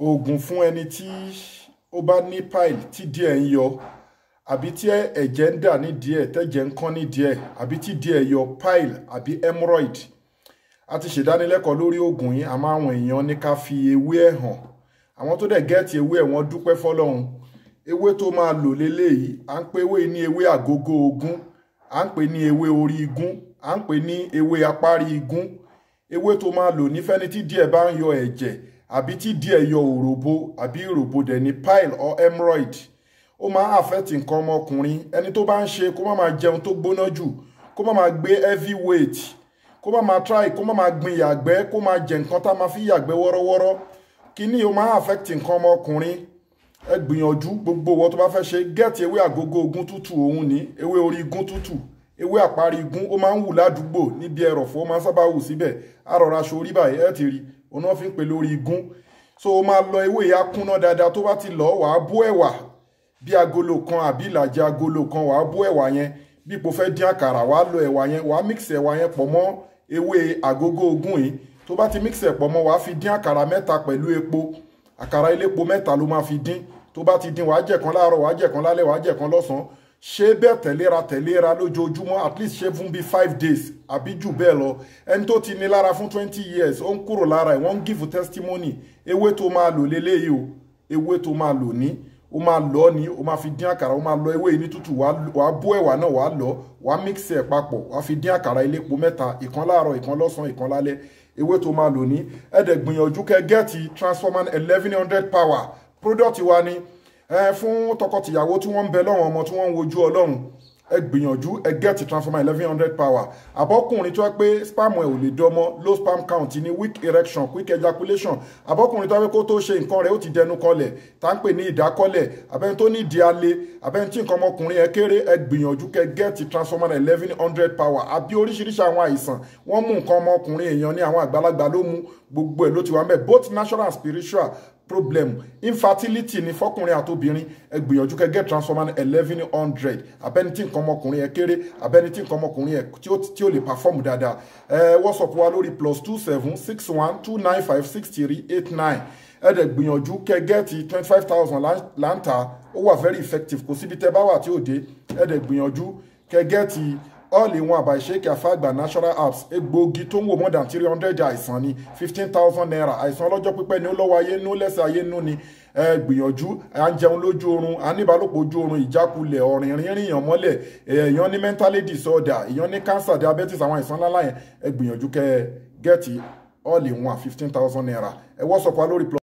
oògùn fún ẹni tí ó bá ní pile tí díẹ̀ ń yọ àbí tí ẹ̀jẹ̀ ń dà nídìí ẹ̀ tẹ́jẹ̀ ń kán nídìí ẹ̀ àbí tí díẹ̀ yọ pile àbí hemorrhoid a ti ṣèdánilẹ́kọ̀ọ́ lórí oògùn yìí àmọ́ àwọn èèyàn ní ká fi ewé ẹ̀ hàn àwọn tó dẹ̀ gẹ́ẹ̀tì ewé ẹ̀ wọ́n dúpẹ́ fọlọ́run ewé tó máa lò léléyìí à ń pe ewé ní ewé àgógó ogún à ń pè ní ewé orí igún à ń pè ní ewé apárí igún ewé tó máa lò nífẹ̀ẹ́ni tí díẹ̀ bá ń yọ ẹ̀jẹ̀ àbí tí díẹ̀ yọ òròbo àbí òròbo dẹ̀ ní pile or hemorrhoid ó máa ń affect nǹkan ọmọkùnrin ẹni tó bá ń ṣe kó má máa jẹun tó gbóná jù kó má máa gbé heavy weight kó má máa try kó má máa gbin yàgbẹ́ kó máa jẹ nǹkan tá a máa fi yàgbẹ́ wọ́rọ́wọ́rọ́ kíní ó máa ń affect nǹkan ọmọkùnrin ẹ gbìyànjú gbogbo owó tó bá fẹ́ ṣe get ewé àgógó ogún tútù òun ní ewé orí igún tútù ewé àparí igun ó máa ń wù ládùúgbò níbi ẹrọ̀fọ̀ ó máa ń sábà wù síbẹ̀ àrọ̀ra sórí báyìí ẹ̀ ti rí òun náà fi ń pè lórí igun so o máa lọ ewé yà kúnná dáadáa tó bá ti lọ wàá bó ẹ̀wà bí agolo kan àbí ìlàjì agolo kan wàá bó ẹ̀wà yẹn bí ipò fẹ́ dín àkàrà wàá lọ ẹ̀wà yẹn wàá mix ẹ̀wà yẹn pọ̀ mọ́ ewé àgógó ogún yìí tó bá ti mix ẹ̀ pọ̀ mọ́ wàá fi dín àkàrà mẹ́ta pẹ̀lú epo àkàrà elépo mẹ́ta ló máa fi dín tó bá ti dín wàá jẹ̀kan láàárọ̀ wàá jẹ̀kan lálẹ́ wàá jẹ̀kan lọ́sàn-án ṣe bẹ́ẹ̀ tẹ̀léra tẹ̀léra lójoojúmọ́ at least ṣe fún bíi five days àbí jù bẹ́ẹ̀ lọ ẹni tó ti ní lára fún twenty years ó ń kúrò lára ẹ̀ wọ́n ń give testimony ewé tó máa lò léléyìí o ewé tó máa lò ní o máa lọ ní o máa fi dín àkàrà o máa lọ ewé yìí ní tútù wàá bó ẹ̀wà náà wàá lọ wàá mix ẹ̀ papọ̀ wàá fi dín àkàrà ilépo mẹ́ta ìkan láàárọ̀ ìkan lọ́sàn-án ìkan lálẹ́ ewé tó máa lò ní ẹ̀ẹ́dẹ̀ gbìyànjú gẹ́ẹ̀tì transformer eleven hundred power product wa ni ẹ fún tọkọtìyàwó tí wọ́n ń bẹ lọ́wọ́ ọmọ tí wọ́n ń wojú ọlọ́run ẹ gbìyànjú ẹ gẹ́ẹ̀tì transformer eleven hundred power abọ́kùnrin tó yẹ pé spam ẹ̀ ò lè dọ́mọ low spam count ní weak erection quick ejaculation abọ́kùnrin tó yẹ pé kó tó ṣe nǹkan rẹ̀ ó ti dẹnu kọlẹ̀ tá ń pè ní ìdákọ́lẹ̀ abẹ́ni tó ní ìdí alẹ́ abẹ́ni tí nǹkan ọmọkùnrin ẹ kéré ẹ gbìyànjú kẹ gẹ́ẹ̀tì transformer eleven hundred power àbí oríṣiríṣi àwọn àìsàn wọ́n mú nǹkan ọmọkùnrin èèyàn ní àwọn àgbàlagbà ló mú gbogbo ẹ̀ ló ti wà mẹ́ both natural and spiritual problem infertility ni fọkùnrin àtobìnrin ẹ gbìyànjú kẹ́ get transformer eleven hundred abẹ́ni tí nǹkan ọmọkùnrin ẹ kéré abẹ́ni tí nǹkan ọmọkùnrin ẹ tí ó lè perform dáadáa ẹ whatsapp wa lórí plus two seven six one two nine five six three eight nine ẹ dẹ̀ gbìyànjú kẹ́ get twenty five thousand láǹtà ó wà very effective kò síbi tẹ́ bá wà tí ò dé ẹ dẹ̀ gbìyànjú kẹ́ get all in one by sheik afagba national apps egbòogi tó ń wò more than three hundred àìsàn ni fifteen thousand naira àìsàn ọlọ́jọ́ pípẹ́ ni ó lọ́wọ́ ayé nú lẹ́sẹ̀ ayé nú ni ẹ gbìyànjú à ń jẹun lójú oorun à ń ìbálòpọ̀ ojú oorun ìjákulẹ̀ ọ̀rìn rínrìn èèyàn mọ́lẹ̀ èèyàn ní mental disorder èèyàn ní cancer diabetes àwọn àìsàn ńláńlá yẹn ẹ gbìyànjú kẹ́ ẹ gẹ́ẹ̀tì all in one fifteen thousand naira ẹ wọ́n sọ̀pọ̀ lórí